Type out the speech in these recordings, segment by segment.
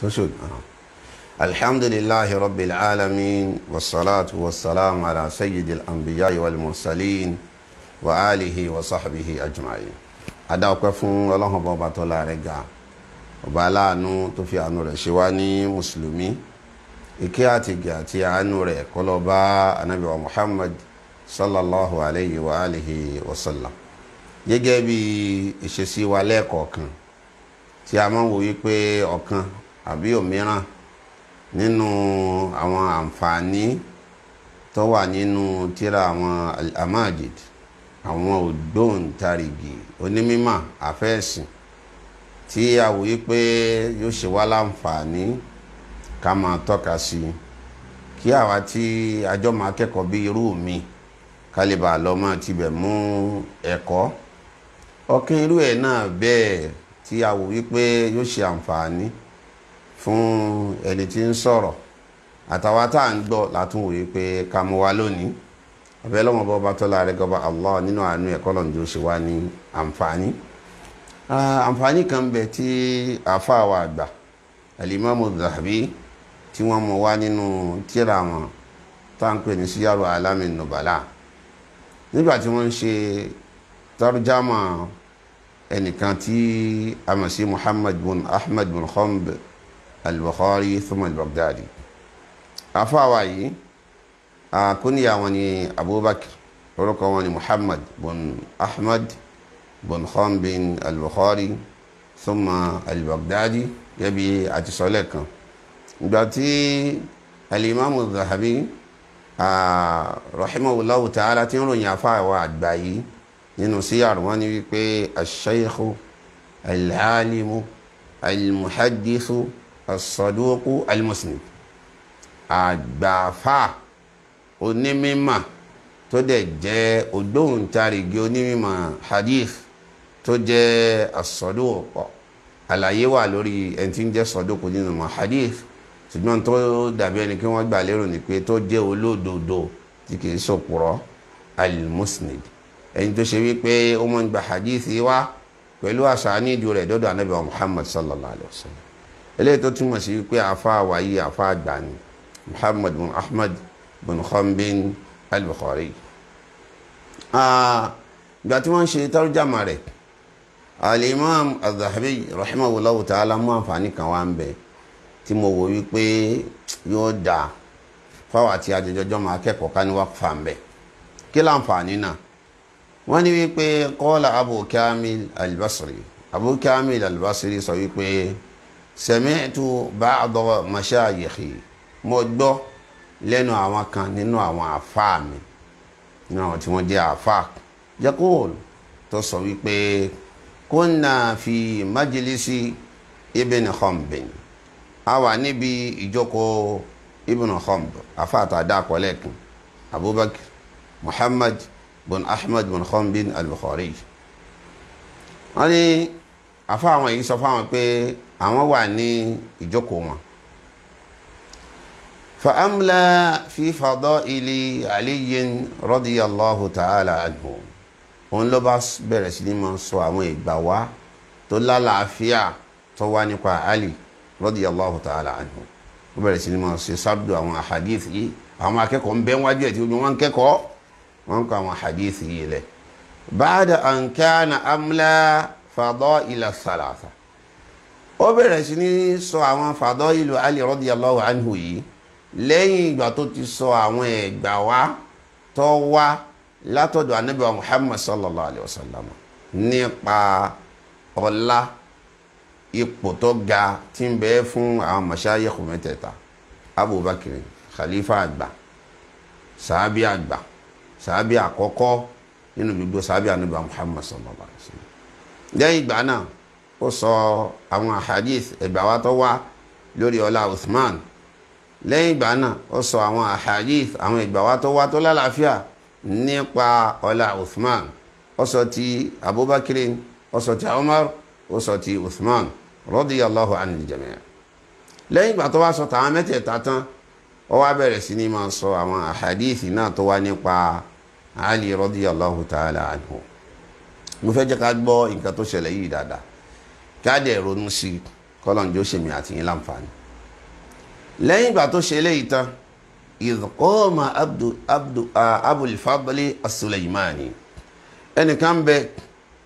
sọ́sọ́dù alhamdulillahi rabbil alamin wasalaatu wasalaamu ala sayyidil anbiya wal mursalin wa alihi wa sahbihi ajma'in adáwọ̀pẹ́ fún ọlọ́run ọba ọba tó láàrẹ̀ ga ọba aláàánú tó fi àánú rẹ̀ ṣe wá ní mùsùlùmí ìkẹ́ àti ìgẹ̀ àti àánú rẹ̀ kọlọ́ba anabi wa muhammad sallallahu alayhi wa alihi wa sallam gẹ́gẹ́ bí ìṣesí wa lẹ́ẹ̀kọ̀ọ̀kan tí a máa ń wòye pé ọ̀kan àbí òmíràn nínú àwọn àǹfààní tó wà nínú tírà àwọn amajid àwọn ògbóǹtarìgì onímímọ̀ àfẹ́ẹ̀sìn tí a wòye pé yóò ṣe wá láǹfààní ká máa tọ́ka sí i kí àwa tí ajọ́ máa kẹ́kọ̀ọ́ bí irú mi ká lè bàa lọ máa tibẹ̀ mú ẹ̀kọ́ ọ̀kan irú ẹ̀ náà bẹ́ẹ̀ tí a wòye pé yóò ṣe àǹfààní fún ẹni tí ń sọ̀rọ̀ àtàwa tá à ń gbọ́ látún wòye pé ká mú wa lónìí ọbẹ̀ lọ́mọ bọ́ bá tọ́lá rẹ̀ gọba Allah nínú àánú ẹ̀kọ́ lọ́njọ́ sì wá ní àǹfààní àǹfààní kan bẹ tí àáfàá wa àgbà Al-Imam Dhahabi tí wọ́n mú wá nínú tírà wọn táǹpẹ̀ ní síyàrò alámi nùbàlà nígbà tí wọ́n ń ṣe tarjama ẹnìkan tí a mọ̀ sí Muhammad bin Ahmad bin Khombe al-Bukhari thumma al-Baghdadi afáwa yìí àkúnyà wọn ni Abubakar orúkọ wọn ni Muhammad bin Ahmad bin Khan bin al-Bukhari thumma al-Baghdadi gẹ́bí àti sọ́lẹ̀ kan ìgbà tí al-Imamu Zahabi rahimahullahu ta'ala tí ń ròyìn afáwa àgbà yìí nínú síyàrá wọn ni wípé al-Shaykhu al-Alimu al-Muhaddithu asọdúnkú alimuslim àgbàfà onímímà tó dẹ̀ jẹ́ ògbóǹtarìgì onímímà hadith tó jẹ́ asọdúnkọ àlàyé wà lórí ẹni tí ń jẹ́ sọdúnkú nínú mọ hadith ṣùgbọ́n tó dàbí ẹni kí wọ́n gbà lérò ni pé tó jẹ́ olódodo tí kì í sòpùrọ́ alimuslim ẹni tó ṣe wípé ó mọ̀ ń gba hadith wá pẹ̀lú àṣà nídìí rẹ̀ dọ́dọ̀ anábìwọ̀n Muhammad sallallahu alayhi wa sallam eléyìí tó túmọ̀ sí pé àfa àwàyí àfa àgbà ni muhammad bin ahmad bin khambin al-bukhari ìgbà tí wọ́n ṣe tárújàmà rẹ̀ al-imam az-zahabi rahimahullahu ta'ala mú àǹfààní kan wá ń bẹ tí mo wò wípé yóò dáa fáwọn àti àjọjọjọ́ máa kẹ́kọ̀ọ́ ká ní fà ń bẹ kí láǹfààní náà wọ́n ní wípé qala abu kamil al abu kamil al sọ wípé. So sẹ̀mẹ́tù bá àdọ́rọ̀ mọ̀ṣáàyèkì mo gbọ́ lẹ́nu àwọn kan nínú àwọn àfáà mi nínú àwọn tí wọ́n jẹ́ àfáà yakul tó sọ wípé kúnnà fi májèlísì ibn khombin a wà níbi ìjókòó ibn khomb àfáà tá a abubakar muhammad bin ahmed bin khombin al-bukhari wọ́n ní àwọn yìí sọ fáwọn pé àwọn wà ní ìjókòó wọn fa'amla fi fadaili aliyin radiyallahu ta'ala anhu òun ló bá bẹ̀rẹ̀ sí ní máa sọ àwọn ìgbà wá tó lálàáfíà tó wá nípa ali radiyallahu ta'ala anhu ó bẹ̀rẹ̀ sí ní máa ṣe sábdù àwọn àhàdíth yìí àwọn akẹ́kọ̀ọ́ ń bẹ wájú ẹ̀ tí wọ́n ń kẹ́kọ̀ọ́ wọ́n ń kọ àwọn àhàdíth yìí lẹ̀ ba'da an kana amla fadaila salasa ó bẹ̀rẹ̀ sí ní sọ àwọn fàdọ́ìlù Ali radiyallahu anhu yìí lẹ́yìn ìgbà tó ti sọ àwọn ẹ̀gbà wá tó wá látọ̀dọ̀ Ànábì wa Muhammad sallallahu alayhi wa sallam nípa ọlá ipò tó ga tí ń bẹ fún àwọn mashayikh mẹ́tẹ̀ẹ̀ta Abubakar khalifa àgbà sàábì àgbà sàábì àkọ́kọ́ nínú gbogbo sàábì Ànábì wa sallallahu alayhi wa sallam lẹ́yìn ìgbà náà ó sọ àwọn ahadith ẹ̀gbà wa tó wá lórí ọlá Uthman lẹ́yìn ìgbà náà ó sọ àwọn ahadith àwọn ẹ̀gbà wa tó wá tó lálàáfíà nípa ọlá Uthman ó sọ ti Abubakar ó sọ ti Umar ó sọ ti Uthman radiyallahu anil jami' lẹ́yìn ìgbà tó wá sọ tàwọn mẹ́tẹ̀ẹ̀ta tán ó wá bẹ̀rẹ̀ sí ni máa sọ àwọn ahadith náà tó wá nípa Ali radiyallahu ta'ala anhu mo fẹ́ jẹ́ ká gbọ́ nǹkan tó ṣẹlẹ̀ yìí dáadáa káàdì ẹ̀rọnú sí i kọ́lọ́njọ́ ṣèmi àti yín láǹfààní. lẹ́yìn ìgbà tó ṣe eléyìí tán ìdókòòmà abdulfadli asuleimani ẹnìkan bẹ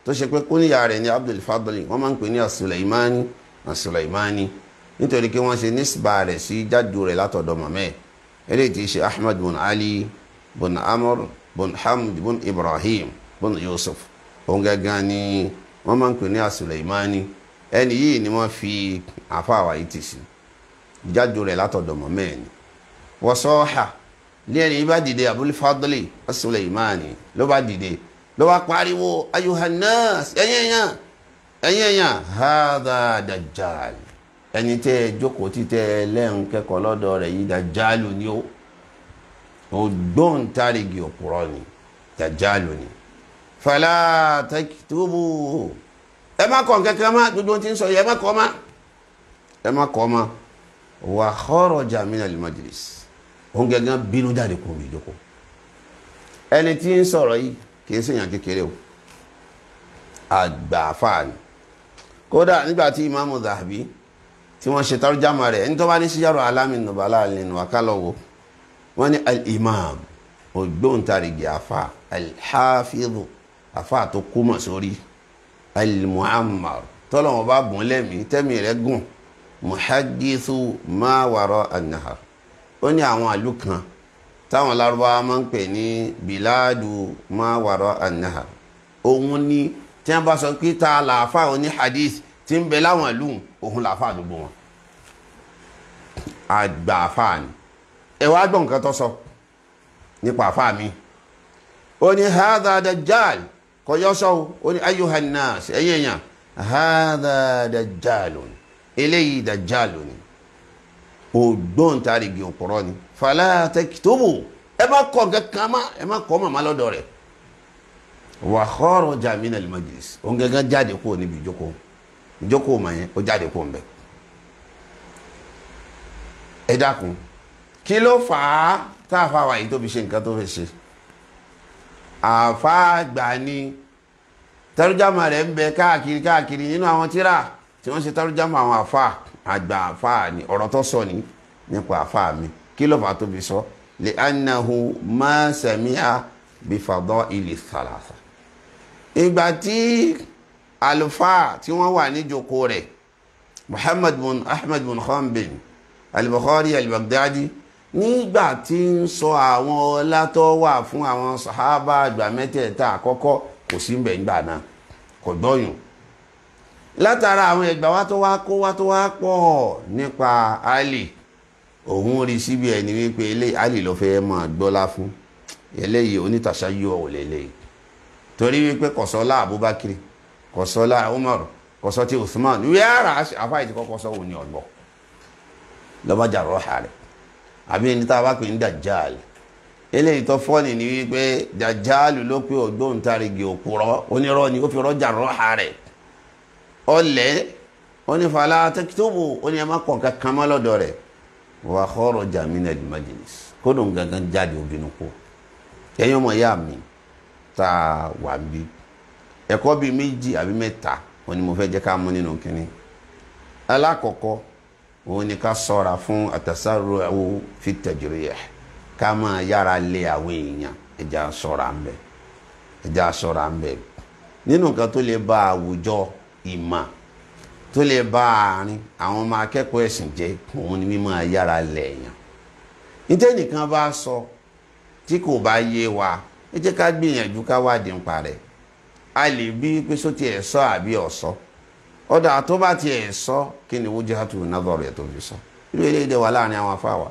tó ṣe pé kúníyà rẹ̀ ní abdulfadli wọ́n máa ń pè ní asuleimani asuleimani nítorí kí wọ́n ṣe nísìbà rẹ̀ sí jáde rẹ̀ látọ̀dọ̀ mọ̀mẹ́ eléyìí ti ṣe ahmed bun ali bun amr bun hamd bun ibrahim bun yusuf òun gẹ́gẹ́ ni wọ́n máa ń pè ní asuleimani ẹni yìí ni wọ́n fi àfáàwà yìí ti sí jáde rẹ̀ látọ̀dọ̀ mọ́ mẹ́ẹ̀ni wọ́n sọ ọ́hà ní ẹni bá dìde Abul Fadli As-Sulaymani ló bá dìde ló bá pariwo ayuhannas ẹ̀yin ẹ̀yàn ẹ̀yin ẹ̀yàn hadha dajjal ẹni tẹ́ ẹ jókòó lẹ́hìn kẹ́kọ̀ọ́ lọ́dọ̀ rẹ̀ yìí dajjalu ni ó ògbóǹtarìgì òpùrọ̀ ni dajjalu ni fala taktubu ẹ má kọ kankan má gbogbo tí ń sọ yẹ ẹ má kọ má ẹ má kọ má wà kharaja minal majlis òun gẹ́gẹ́ bínú jáde kúrò ìjókòó ẹni tí ń sọ̀rọ̀ yìí kì í ṣèyàn kékeré o àgbà àfààní kódà nígbà tí ìmáàmù Zahabi tí wọ́n ṣe tarjama rẹ̀ ní tó bá ní síyàrá alámi nùbàlá nínú àkálọ́wọ́ wọ́n ní al-imam ògbóǹtarìgì àfà al-hafiz àfà tó kúmọ̀ sórí al-mu'ammar tọ́lọ́wọ́n bá gùn lẹ́mí tẹ́mi rẹ̀ gùn muhadithu ma wara an-nahar ó ní àwọn àlù kan táwọn lárúbáwá máa ń pè ní biladu ma wara an-nahar òun ni tí wọ́n bá sọ pé ta làáfà oní hadith tí ń bẹ láwọn ìlú òun làáfà àdúgbò wọn àgbà àfà ni ẹ wá gbọ́ nǹkan tó sọ nípa àfà mi ó ní hadha dajjal kò yọ sọ ó ní ayuhannas ẹ̀yin èèyàn hadha dajjalun eléyìí dajjalun ni ògbóǹtarìgì òpùrọ́ ni fàlà tẹkítọ́mù ẹ má kọ́ kankan má ẹ má kọ́ màmá lọ́dọ̀ rẹ̀ wa kharaja min al-majlis òun gẹ́gẹ́ jáde kúrò níbi ìjókòó ìjókòó mà yẹn ó jáde kúrò mbẹ́ ẹ dákun kí ló fà á tá a fà wáyé tó fi ṣe nǹkan tó fẹ́ ṣe àfáà àgbà ni tẹrújàmà rẹ̀ ń bẹ káàkiri káàkiri nínú àwọn tíra tí wọ́n ṣe tẹrújàmà àwọn àfáà àgbà àfáà ni ọ̀rọ̀ tó sọ ni nípa àfáà mi kí ló fà tó fi sọ lè anahu máa sẹ̀míà bí fàdọ́ ilé sàlàsà ìgbà tí àlùfáà tí wọ́n wà níjókòó rẹ̀ Muhammad bin Ahmad bin Hanbal al-Bukhari al-Baghdadi al bukhari al nígbà tí ń sọ àwọn ọlá tó wà fún àwọn sàhábà àgbà mẹ́tẹ̀ẹ̀ta àkọ́kọ́ kò sí mbẹ̀ ńgbà náà kò gbọ́yùn látara àwọn ẹgbà wá tó wá kó wá tó wá pọ̀ nípa Ali òun rí síbi ẹni wípé Ali ló fẹ́ máa gbọ́lá fún eléyìí onítàṣáyé ò lélẹ̀ torí wípé kọ̀sọ́lá Abubakar kọ̀sọ́lá Umar kọ̀sọ́ Usman wíwá ara àfáà ìtìkọ́kọ́ sọ òun ni ọ̀gbọ́ lọ́bàjà rọ́ọ̀hà rẹ̀ àbí ẹni tá a bá pè ní dajjal eléyìí tó fọ́ọ̀nì ni wípé dajjal ló pé ògbóǹtarìgì òpùrọ́ onírọ́ ni ó fi rọ́jà rọ́ha rẹ̀ ọlẹ́ onífàlà tẹ́kítọ́bù oníyàmá kọ̀ kankan mọ́ lọ́dọ̀ rẹ̀ wà kọ́rọ̀ jamina al-majlis kódùn gangan jáde obìnrin kú ẹ̀yin ọmọ ìyá mi tá a wà ń bí ẹ̀kọ́ bíi méjì àbí mẹ́ta wọn ni mo fẹ́ jẹ́ ká mú nínú kínní alákọ̀ọ́kọ́ òun ni ká sọra fún àtàsáró ẹwọ fi tẹjúrí ẹ ká máa yára lé àwọn èèyàn ẹja sọra ń bẹ ẹja sọra ń bẹ nínú nǹkan tó lè ba àwùjọ ìmọ̀ tó lè ba àárín àwọn ọmọ akẹ́kọ̀ọ́ ẹ̀sìn jẹ́ òun ni mímọ́ yára lé èèyàn nítẹ́nìkan bá sọ tí kò bá yé wa ẹ jẹ́ ká gbìyànjú ká wádìí ń parẹ́ a lè bí pé sóti ẹ̀ sọ àbí ọ̀sọ́ ọ̀dà tó bá tiẹ̀ sọ kí ni wujhatu nadhar rẹ̀ tó fi sọ irú ilé ìdè wà láàrin àwọn afáwà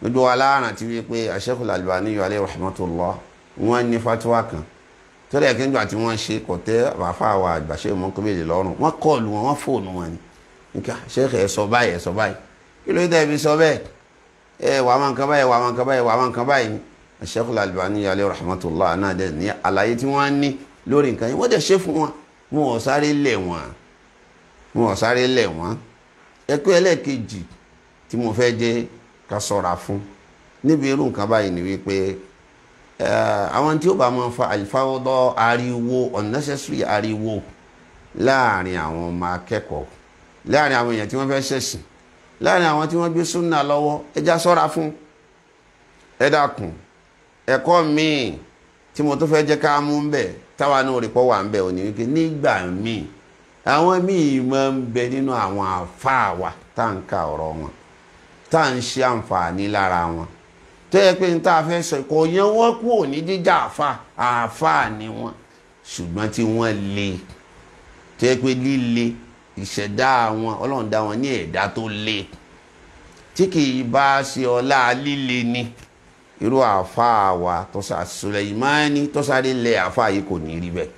gbogbo wa láàrin ti wí pé Sheikhul Albani alayhi rahmatullah wọ́n ní fatuwa kan tó lẹ́yìn kí nígbà tí wọ́n ṣe kọ̀tẹ́ àfáwà àgbàṣe mọ́kúbèlè lọ́rùn wọ́n kọ́ọ̀lù wọn wọ́n fóònù wọn ni nǹkan Sheikh ẹ̀ sọ báyìí ẹ̀ sọ báyìí kí ló dé ibi sọ bẹ́ẹ̀ ẹ wàá máa ń kan báyìí wàá máa báyìí wàá máa ń kan báyìí Sheikhul Albani alayhi rahmatullah náà ní àlàyé tí wọ́n ní lórí nǹkan yìí wọ́n dẹ̀ ṣe fún wọn wọn sáré lẹ̀ wọn mo ò sáré lẹ̀ wọ́n ẹ̀kọ́ ẹlẹ́ẹ̀kejì tí mo fẹ́ jẹ́ ká sọ̀ra fún níbi irú nǹkan báyìí ni wípé àwọn tí ó bá máa fa àlìfáwọ́dọ́ ariwo unnecessary ariwo láàrin àwọn ọmọ akẹ́kọ̀ọ́ láàrin àwọn èèyàn tí wọ́n fẹ́ ṣẹ̀sìn láàrin àwọn tí wọ́n gbé súnà lọ́wọ́ ẹja sọ́ra fún ẹ dákun ẹ̀kọ́ míì tí mo tó fẹ́ jẹ́ ká mú ń bẹ̀ táwa náà rí pọ́ wà ń bẹ̀ òní wípé nígbà míì àwọn míì máa ń bẹ nínú àwọn àfáà wa tá à ń ka ọ̀rọ̀ wọn tá à ń ṣe àǹfààní lára wọn tó yẹ pé n tá a fẹ́ sọ kò yẹn wọ́n kú òní jíjà àfáà àfáà ni wọ́n ṣùgbọ́n tí wọ́n le tó yẹ pé líle ìṣẹ̀dá wọn ọlọ́run dá wọn ní ẹ̀dá tó le tí kì í bá ṣe ọlá líle ni irú àfáà wa tó sà Sùlẹ̀mánì tó sáré lẹ àfáà yìí kò ní rí bẹ́ẹ̀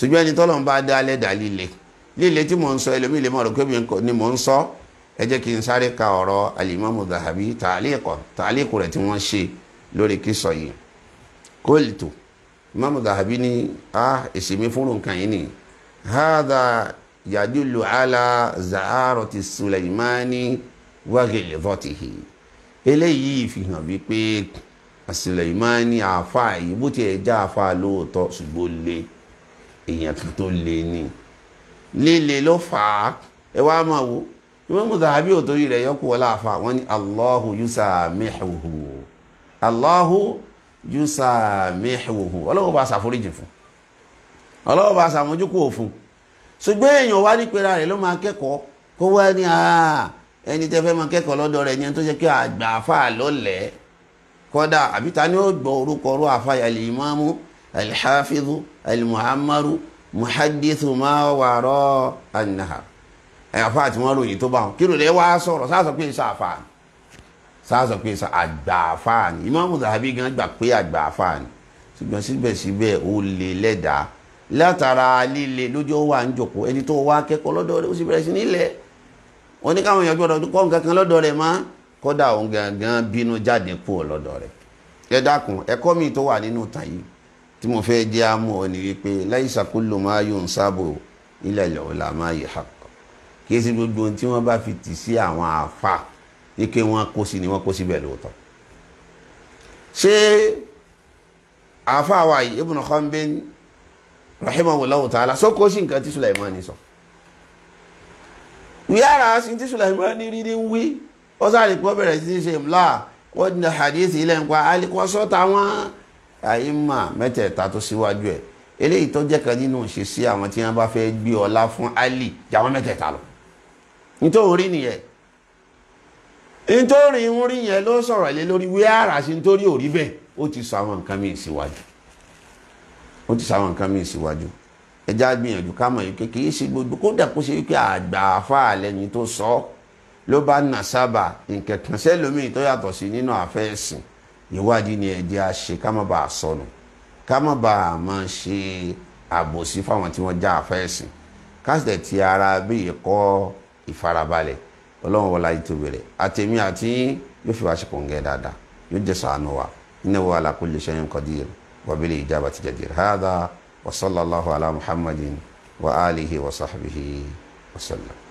ṣùgbọ́n ẹni tọ́lọ̀ ń bá dá lẹ́dà líle líle tí mò ń sọ ẹlòmíì lè mọ̀ rò pé mi ni mò ń sọ ẹ jẹ́ kí n sáré ka ọ̀rọ̀ alimamu zahabi tààlíkọ̀ tààlíkù rẹ̀ tí wọ́n ṣe lórí kíso yìí kóòlìtò imamu zahabi ní a ah, èsì fúnrun kan yìí ni hádà yàdúlù àlà zàárọ̀ ti sulaimani wàgìlì vọ́tìhì eléyìí fi hàn wípé sulaimani àfa yìí bó tiẹ̀ já àfa lóòótọ́ ṣùgbọ́n lé èèyàn tó lé ní líle ló fà á ẹ wá máa wo ìwọ́n mú zahabi òtórí rẹ̀ yọkù wọlé àfà wọ́n ní allahu yusamihuhu allahu yusamihuhu ọlọ́wọ́ bá ṣàforíjì fún ọlọ́wọ́ bá ṣàmójúkú òfun ṣùgbọ́n èèyàn wá ní pera rẹ̀ ló máa kẹ́kọ̀ọ́ kó wá ní àá ẹni tẹ́ fẹ́ máa kẹ́kọ̀ọ́ lọ́dọ̀ rẹ̀ ni tó ṣe kí àgbà àfà lọ́lẹ̀ kódà àbí ta ni ó gbọ́ orúkọ orú àfà yàlì ìmáàmù alḥafidu alimuhamaru muhadithu máa wàrọ anaha àfa àti wọn ròyìn tó bá wọn kí ló lè wá sọ̀rọ̀ sáà sọ pé sọ àfa ni sáà sọ pé sọ àgbà àfa ni Imamu Zahabi gan gbà pé àgbà àfa ni ṣùgbọ́n síbẹ̀síbẹ̀ ó lè lẹ́dàá látara líle lójú ó wà ń jòkó ẹni tó wá kẹ́kọ̀ọ́ lọ́dọ̀ rẹ̀ ó sì bẹ̀rẹ̀ sí nílẹ̀ wọn ní káwọn èèyàn gbọ́dọ̀ kọ́ nǹkan kan lọ́dọ̀ rẹ̀ máa kódà òun gangan bínú jáde kúrò lọ́dọ̀ rẹ̀ ẹ dákun ẹ̀kọ́ mi tó wà nínú tàn tí mo fẹ́ jẹ́ àmọ́ ọ ni wípé laisa kullu ma yunsabu ila al-ulama'i haqqan kì í sí gbogbo ohun tí wọ́n bá fi tì sí àwọn àfa ní pé wọ́n kó sí ni wọ́n kó síbẹ̀ lóòótọ́ ṣé àfa wa yìí Ibn Khanbin rahimahullahu ta'ala sọ kó sí nǹkan tí Sulaimani sọ wíyára sí tí Sulaimani rí ní wí ó sáré kó bẹ̀rẹ̀ sí ṣe mla wọ́n dín hadith ilẹ̀ nǹkan alikọ́sọ́ta wọn àyímà mẹ́tẹ̀ẹ̀ta tó síwájú ẹ̀ eléyìí tó jẹ́ kan nínú ìṣesí àwọn tí wọ́n bá fẹ́ gbé ọlá fún Ali jàwọn mẹ́tẹ̀ẹ̀ta lọ nítorí nìyẹn nítorí ń rí yẹn ló sọ̀rọ̀ lé lórí wíárà sí nítorí òrí bẹ́ẹ̀ ó ti sọ àwọn nǹkan míì síwájú ó ti sọ àwọn nǹkan míì síwájú ẹjá gbìyànjú ká mọ̀ yìí pé kì í ṣe gbogbo kódà kó ṣe wípé àgbà àfáà lẹ́ni tó sọ ló bá nà sábà nǹkan kan sẹ́lómi tó yàtọ̀ sí nínú àfẹ́ ẹ̀sìn ìwádìí ni ẹ̀jẹ̀ á ṣe ká má bàa sọnù ká má bàa máa ṣe àbòsí fáwọn tí wọ́n já àfẹ́sìn kásìtẹ̀ ti ara bí ìkọ́ ìfarabalẹ̀ ọlọ́run wọlá ìtòbí rẹ̀ àtẹ̀mí àti yóò fi wá ṣe kòǹgẹ́ dáadáa yóò jẹ́ sànù wa innahu ala kulli shay'in qadir wa bil ijabati jadir hadha wa sallallahu muhammadin wa alihi wa sahbihi wa